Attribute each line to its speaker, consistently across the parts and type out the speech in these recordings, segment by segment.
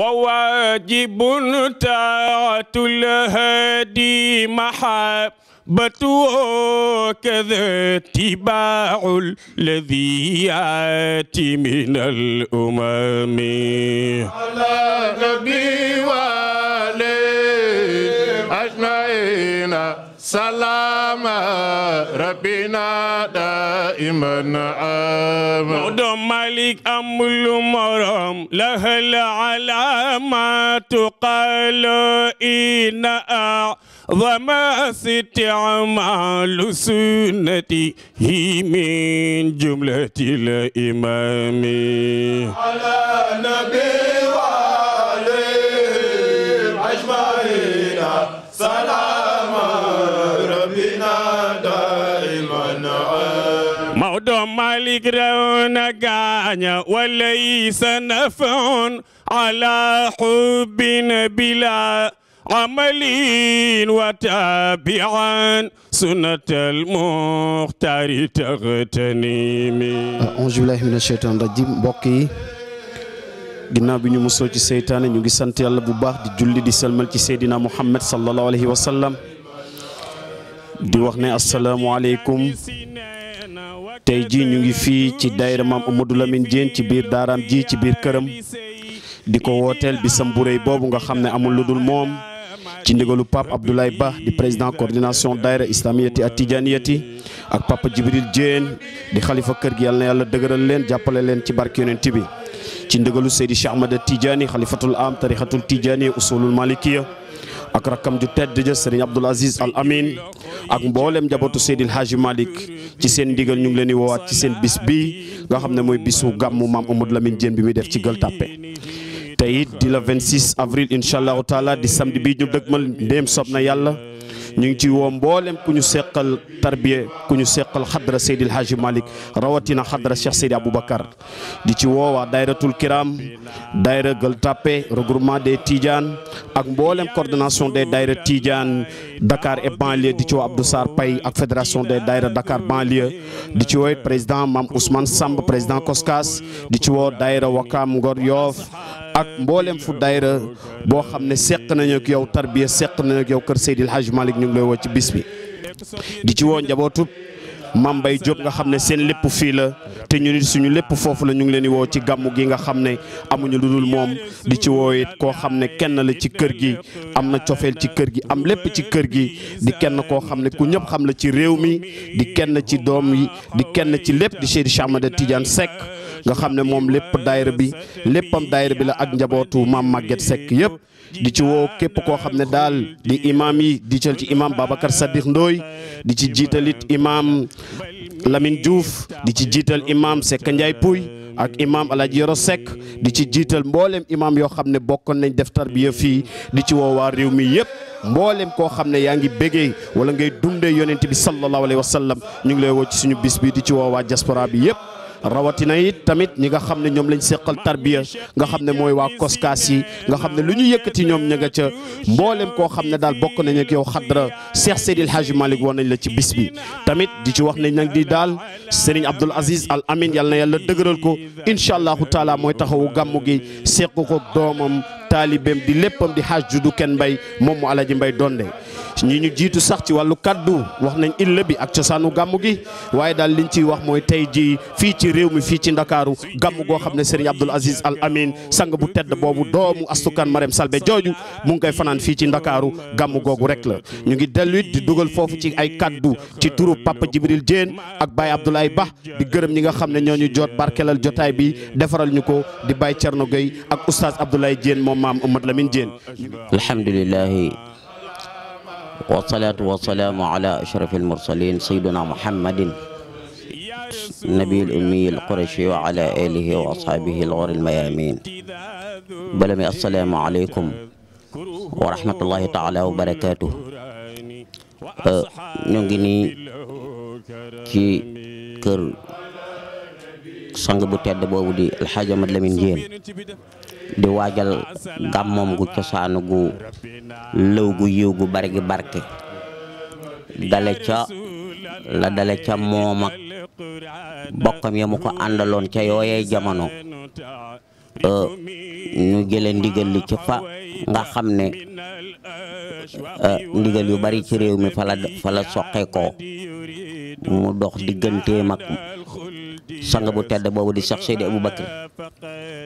Speaker 1: وواجب
Speaker 2: طاعة الهادي محبته كذا اتباع الذي يأتي من الأمم على نبي سلام ربنا دائما عام دوم مالك أمل مرام له العلامات قال إن أعظم ست أعمال سنتي من جملة الإمام على نبي مالك رون كان وليس نفع على حب بلا عمل وتابعا سنة المختار تغتنيم أعوذ بالله
Speaker 3: من الشيطان الرجيم بقي ginnaaw bi ñu mosoo ci seytaane ñu ngi sant yàlla bu baax di julli di salmal ci seydina muhammad sallallahu alayhi wa sallam di wax ne asalaamualeykum tey jii ñu ngi fii ci daayira maam du lamin Diène ci biir daaraam ji ci biir këram di ko wooteel bi bu rëy boobu nga xam ne amul lu dul moom ci ndigalu Pape Abdoulaye Ba di président coordination daayira islamiyati ak tijaniyati ak Papa Djibril Diène di xalifa kër gi yàlla na yàlla dëgëral leen jàppale leen ci bark yonent bi ci ndigalu Seydi Cheikh Ahmad Tidiane xalifatul am tarixatul Tidiane usulul malikiya ak rakkam ju tedd ja Serigne Abdoul Aziz Al Amin ak mboolem njabootu Seydil Hadji Malick ci seen ndigal ñu ngi leen di woowaat ci seen bis bi nga xam ne mooy bisu gàmmu maam Amadou Lamine Diène bi muy def ci Gueule Tapée te di la 26 avril incha allahu taala di samedi bii ñu dëgmal ndéem sob na yàlla ñu ngi ci woo mboolem ku ñu seqal tarbiya ku ñu seqal xadra Seydi El Hadji Malick rawatina xadra Cheikh Seydi Aboubacar di ci woo waa dayratul kiram dayra Gueule Tapée regroupement des Tidiane ak mboolem coordination des dayra Tidiane dakaar et banlieue di ci woo Abdou Sarr Paye ak fédération de dayra Dakar banlieue di ci woo président Mame Ousmane Samb président Koskas di ci woo dayra Wakam Ngor ak mboolem fu daayira boo xam ne seq nañu yow tarbiya seq nañu ak yow kër Seydil Hadj Malick ñu ngi lay woo ci bis bi di ci woo njabootu Mame Mbaye Diop nga xam ne seen lépp fii la te ñu nit suñu lépp foofu la ñu ngi leen di woo ci gàmmu gi nga xam ne amuñu lu dul moom di ci woo koo xam ne kenn la ci kër gi am na cofeel ci kër gi am lépp ci kër gi di kenn koo xam ne ku ñëpp xam la ci réew mi di kenn ci doom yi di kenn ci lépp di Cheikh Cheikh Ahmed Tidiane Seck nga xam ne moom lépp daayira bi léppam daayira bi la ak njabootu maam màgget Seck yëpp di ci woo képp koo xam ne daal di imaam yi di jël ci imaam Babacar Sadikh Ndoy di ci jiitalit imaam Lamine Diouf di ci jiital imaam Sekk Ndiaye Pouy ak imaam El Hadj Yoro Seck di ci jiital mboolem imaam yoo xam ne bokkoon nañ def tarbiya fii di ci woo waa réew mi yëpp mboolem koo xam ne yaa ngi bégee wala ngay dundee yonent bi sallallahu alayhi wa sallam ñu ngi lay woo ci suñu bis bi di ci woowaa waa diaspora bi yëpp. rawatina it tamit ñi nga xam ne ñoom lañ seqal tarbiya nga xam ne mooy waa koskaas yi nga xam ne lu ñu yëkkati ñoom ña nga ca mboolem koo xam ne daal bokk nañ ak yow xadra Cheikh Seydil Hadji Malick woon nañ la ci bis bi tamit di ci wax nañ nag di daal Serigne Abdoul Aziz Al Amin yal na yàlla dëgëral ko incha allahu taala mooy taxawu gàmmu gi seq ko doomam taalibeem di léppam di xaaj du kenn mbay moom mu alaji mbay donde ñi ñu jiitu sax ci wàllu kàddu wax nañ illa bi ak cosaanu gàmm gi waaye daal liñ ciy wax mooy tey ji fii ci réew mi fii ci ndakaaru gàmm goo xam ne Serigne Abdoul Aziz Al Amin sang bu tedd boobu doomu astukan Marème Salbé jooju mu ngi koy fanaan fii ci ndakaaru gàmm googu rek la ñu ngi dellu it di dugal foofu ci ay kàddu ci turu Papa Djibril Diène ak Baye Abdoulaye Ba di gërëm ñi nga xam ne ñoo ñu jot barkelal jotaay bi defaral ñu ko di Baye Thierno Gueye ak oustaz Abdoulaye Diène moom maam Amad Lamine Diène
Speaker 4: alhamdulillah والصلاة والسلام على أشرف المرسلين سيدنا محمد النبي الأمي القرشي وعلى آله وأصحابه الغر الميامين بلمي السلام عليكم ورحمة الله تعالى وبركاته ñoo ngi nii ci kër sang bu tedd boobu di Alxaaji Amat Lamin Jéen di waajal gàmmoom gu cosaanu gu lëw gu yiw gu bari gi barke dale ca la dale ca bokkam ya mu ko àndaloon ca yooyee jamono ñu jële ndigal li ci fa nga xam ne ndigal yu bari ci réew mi fa la fa ko mu dox digganteem ak sang bu tedd boobu di Cheikh Seydi Aboubacar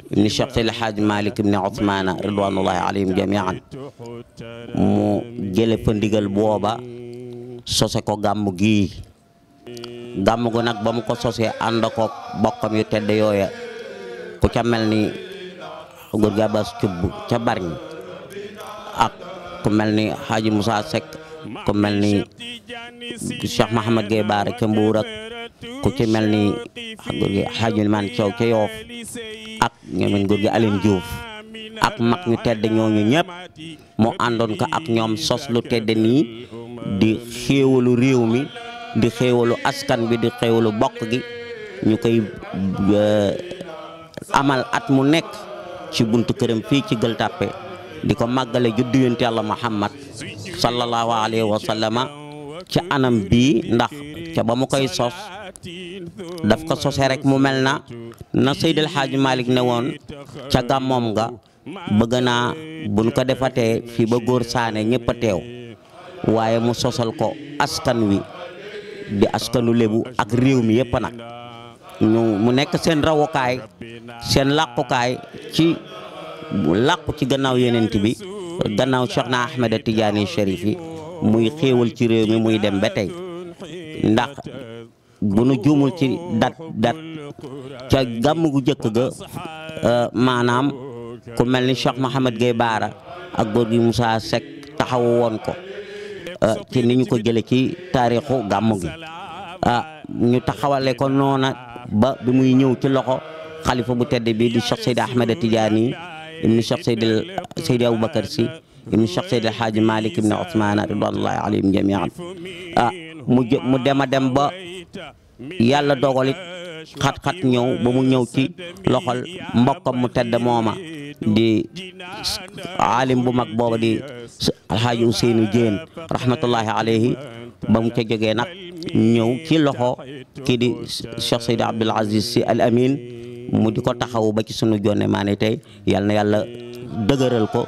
Speaker 4: ibni Cheikh Seydi El Hadj Malick ibni Ousmane ridwanullahi alayhim jamian mu jële fa ndigal booba sose ko gàmm gii gàmm gu nag ba mu ko sose ànd ko bokkam yu tedd yooya ku ca mel ni góor ga Abbas Cubb ca Bargny ak ku mel ni Hadji Moussa Seck ku mel ni Baara ca ku ci mel ni góor gi xaajul man Thiaw ca Yoof ak ñoom it gi Aline Diouf ak mag ñu tedd ñooñu ñëpp mu àndoon ko ak ñoom sos lu tedd nii di xéewalu réew mi di xéewalu askan bi di xéewalu bokk gi ñu koy e, amal at mu nekk ci buntu këram fii ci Gueule Tapée di ko màggale juddu yonent Yàlla Muhammad sallallahu alayhi wa sallama ci anam bii ndax ca ba mu koy sos daf ko sosee rek mu mel na na Seydil Hadji Malick ne woon ca gàmmoom ga bëgg naa buñ ko defatee fii ba góor saane ñëpp a teew waaye mu sosal ko askan wi di askanu lébu ak réew mi yëpp nag mu nekk seen rawukaay seen làqukaay ci làqu ci gannaaw yeneent bi gannaaw Cheikhna Ahmed Tidiane Chérif yi muy xéewal ci réew mi muy dem ba tey ndax bu nu juumul ci dat dat ca gàmm gu jëkk ga euh, maanaam ku mel ni Cheikh Mouhamed Gueye Baara ak góor gi Moussa Seck taxawu woon ko euh, ci ni ñu ko jële ci taarixu gàmm gi euh, ñu taxawale ko noona ba bi muy ñëw ci loxo xalifa bu tedd bi di Cheikh Seydi Ahmed Tidiane ibnu Cheikh Seydi Seydi Aboubacar Sy ibnu Cheikh Seydi Alhaaji Malik ibnu Ousmane ridwanullahi alayhim jamian ah mu mu dem ba Uh, yàlla dogalit xat-xat ñëw ba mu ñëw ci loxol mbokkam mu tedd mooma di alim bu mag booba di alxaaji Ousseynou Diène rahmatullahi alayhi ba mu ca jógee nag ñëw ci loxo kii di Cheikh Seydi Abdoul Aziz Sy Al Amin mu di ko taxawu ba ci sunu jonne maa ne tey yal na yàlla dëgëral ko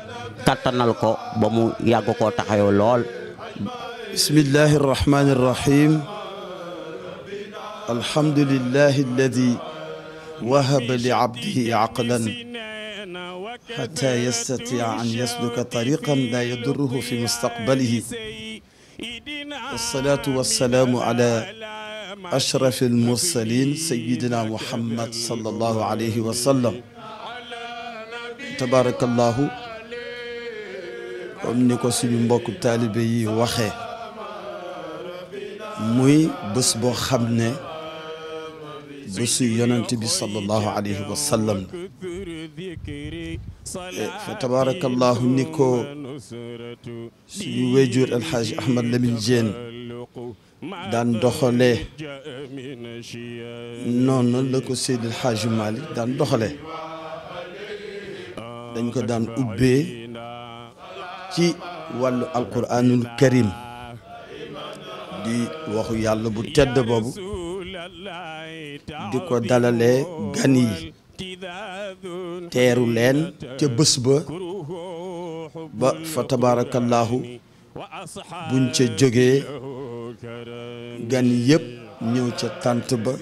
Speaker 4: kattanal ko ba mu yàgg koo taxawoo lool bismillahi rahmaani
Speaker 1: rahim الحمد لله الذي وهب لعبده عقلا حتى يستطيع أن يسلك طريقا لا يضره في مستقبله والصلاة والسلام على أشرف المرسلين سيدنا محمد صلى الله عليه وسلم تبارك الله comme ni ko suñu mbokku taalibe yi waxee muy bés boo xam ne bésu yonent bi sallallahu alayhi wa sallam e, fa ni ko suñu wéjur alxaaji ahmad lamin jéen daan doxalee noonu la ko seydil xaaji malik daan doxalee dañ ko daan ubbee ci wàllu alquranul karim di waxu yàlla bu tedd boobu di ko dalale gan teeru leen ca bés ba ba fa tabaarakallaahu buñ ca jógee gan yépp ñëw ca tànt ba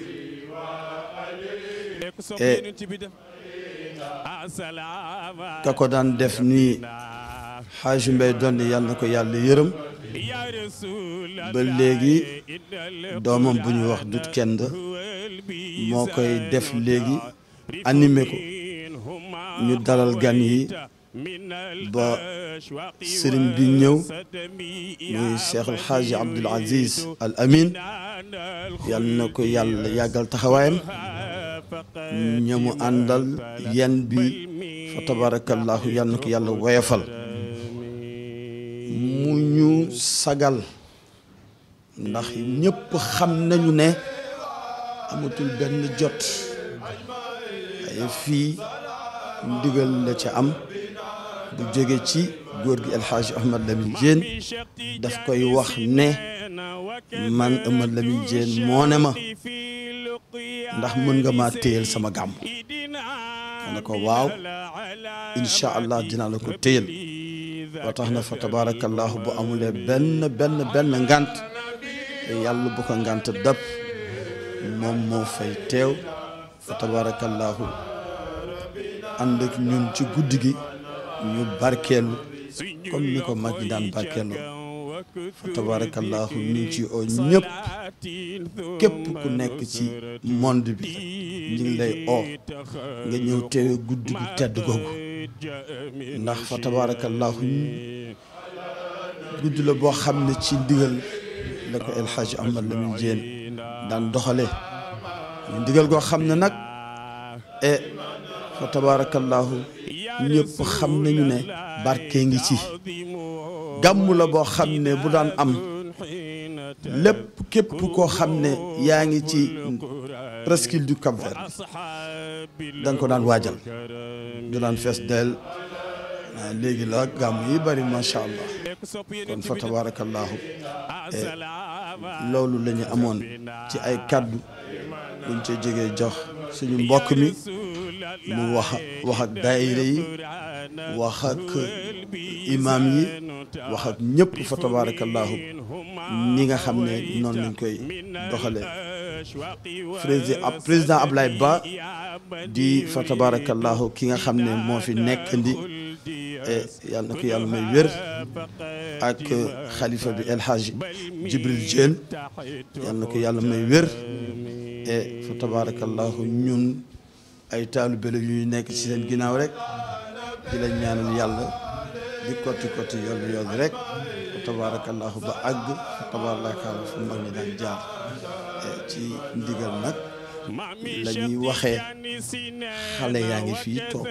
Speaker 1: eh, ka ko daan def nii xaaju mbay doon yàlla na ko yàlla yërëm ba léegi doomam bu ñuy wax dut kenn moo koy def léegi animé ko ñu dalal gan yi ba sëriñ bi ñëw muy Cheikh El Hadj Abdoul Al Amin yal na ko yàlla yàggal taxawaayam ñamu àndal yan bi fa tabarakallahu yal na ko yàlla woyafal sagal ndax ñépp xam nañu ne amatul benn jot waaye fii ndigal la ci am bu jóge ci góor gi alxaaji ahmad lamin jéen daf koy wax ne man ahmad lamin jéen moo ma ndax mën nga ma téyel sama gàmm ma ko waaw incha allah dinaa la ko téyel ba tax na fa tabaarakallaahu bu amulee benn benn benn ngant yàlla bu ko ngant dëpp moom moo fay teew fa tabaarakallaahu ànd ak ñun ci guddi gi ñu barkeelu comme ni ko mag daan barkeeloo fa tabaarakallaahu ñu ci oo ñëpp képp ku nekk ci monde bi ñu lay oo nga ñëw teewe guddi gu tedd googu ndax fa tabaarakallaahu guddi la boo xam ne ci ndigal la ko El Hadj Ahmad Lamine Diène daan doxalee ñu ndigal goo xam ne nag e fa tabaarakallaahu ñëpp xam nañu ne barke ngi ci gàmm la boo xam ne bu daan am lépp képp koo xam ne yaa ngi ci presqu'île du Cap Vert dañ ko daan waajal du daan fees dell ah, léegi la gàmm yi bari macha allah kon fa tabaarakallaahu eh, loolu la amoon ci ay kàddu buñ ci jógee jox suñu mbokk mi mu wax wax ak daayira yi wax ak imaam yi wax ak ñëpp fa tabaarakallaahu ñi nga xam ne noonu lañ koy doxalee. président Ablaye Ba di fa tabarakallahu ki nga xam ne moo fi nekk ndi eh, yàlla yàlla may wér ak xalifa bi El Hadj Jibril Diène yàlla na ko yàlla may wér eh, fa tabarakallahu ñun ay taalibe la yuy nekk ci seen ginnaaw rek di la ñaanal yàlla di koti koti yoon yoon rek tabaarakallaahu ba àgg tabaarakallaahu fu mag ñi daan jaar eh, ci ndigal nag la waxee xale yaa ngi fii toog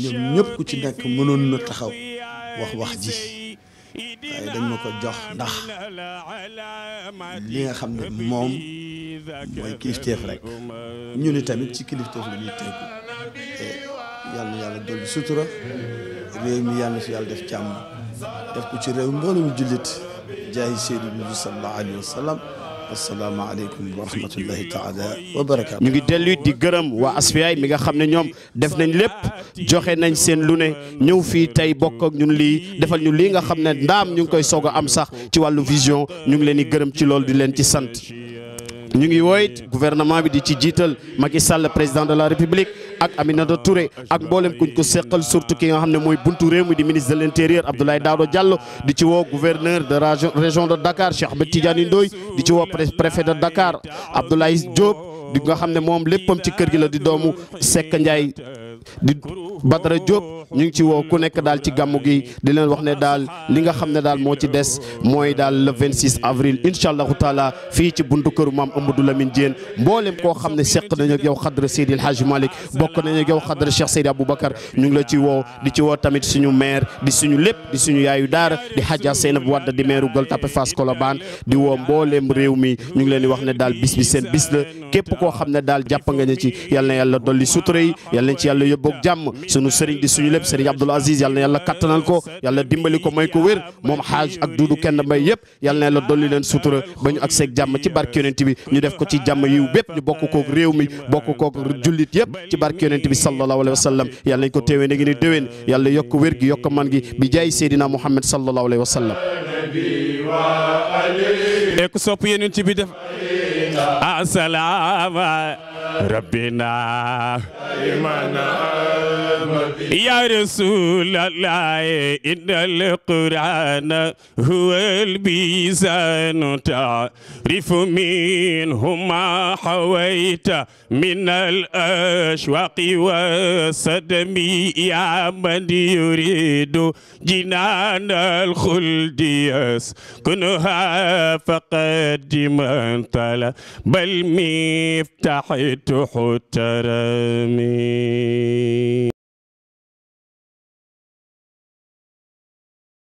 Speaker 1: ñoom ñëpp ku ci nekk mënoon na taxaw wax wax ji dañ ma ko jox ndax li nga xam ne moom mooy kilifteef rek ñu ni tamit ci kilifteef la ñuy tegu eh, yàlla yàlla sutura réew mi fi yàlla def càmm def ko ci réew mboolum jullit jaayi Seydou bi sallallahu alayhi wa sallam asalaamaaleykum wa rahmatullahi taala wa barakaatu.
Speaker 3: ñu ngi dellu di gërëm waa Asfiyahi mi nga xam ne ñoom def nañ lépp joxe nañ seen lu ne ñëw fii tey bokk ak ñun lii defal ñu lii nga xam ne ndaam ñu ngi koy soog a am sax ci wàllu vision ñu ngi leen di gërëm ci loolu di leen ci sant. ñu ngi wooyit gouvernement bi di ci jiital Macky Sall président de la république ak Aminata Touré ak mboolem kuñ ko seqal surtout ki nga xam ne mooy buntu réew mi di ministre de l' intérieur Abdoulaye Daouda di ci woo gouverneur de la région de Dakar Cheikh Ahmed Tidiane Ndoye di ci woo préfet de Dakar Abdoulaye Diop di nga xam ne moom léppam ci kër gi la di doomu Seck Ndiaye. di Badara Diop ñu ci woo ku nekk daal ci gàmmu gi di leen wax ne daal li nga xam ne daal moo ci des mooy daal le 26 avril incha allahu taala fii ci buntu këru maam Amadou Lamine Diène mboolem koo xam ne seq nañu ak yow xadra Seydi El Hadj Malick bokk nañu ak yow xadra Cheikh Seydi Aboubacar ñu ngi la ci woo di ci woo tamit suñu maire di suñu lépp di suñu yaayu daara di Hadja Seynab Wade di maire Gueule Tapée Fass Colobane di woo mboolem réew mi ñu ngi leen di wax ne daal bis bi seen bis la képp koo xam ne daal jàpp nga ne yàlla la yóbboog jàmm sunu sëriñ di suñu lépp sëriñ Abdoul Aziz yal kattanal ko yàlla dimbali ko may ko wér moom xaaj ak duudu kenn may yëpp yal dolli leen sutura ba ak seeg jàmm ci barke yonent bi ñu def ko ci jàmm yiw bépp ñu bokk koog réew mi bokk koog jullit yëpp ci barke yonent bi sallallahu alayhi wa sallam yàlla nañ ko téewee ngi ni déwéen yàlla yokk wér gi yokk man gi bi jaay Muhammad sallallahu alayhi wa sallam
Speaker 2: السلام ربنا يا رسول الله إن القرآن هو البيزان تعرف منه ما حويت من الأشواق والصدم يا من يريد جنان الخلد يسكنها فقد من طلب بل مفتاح
Speaker 4: تحترمي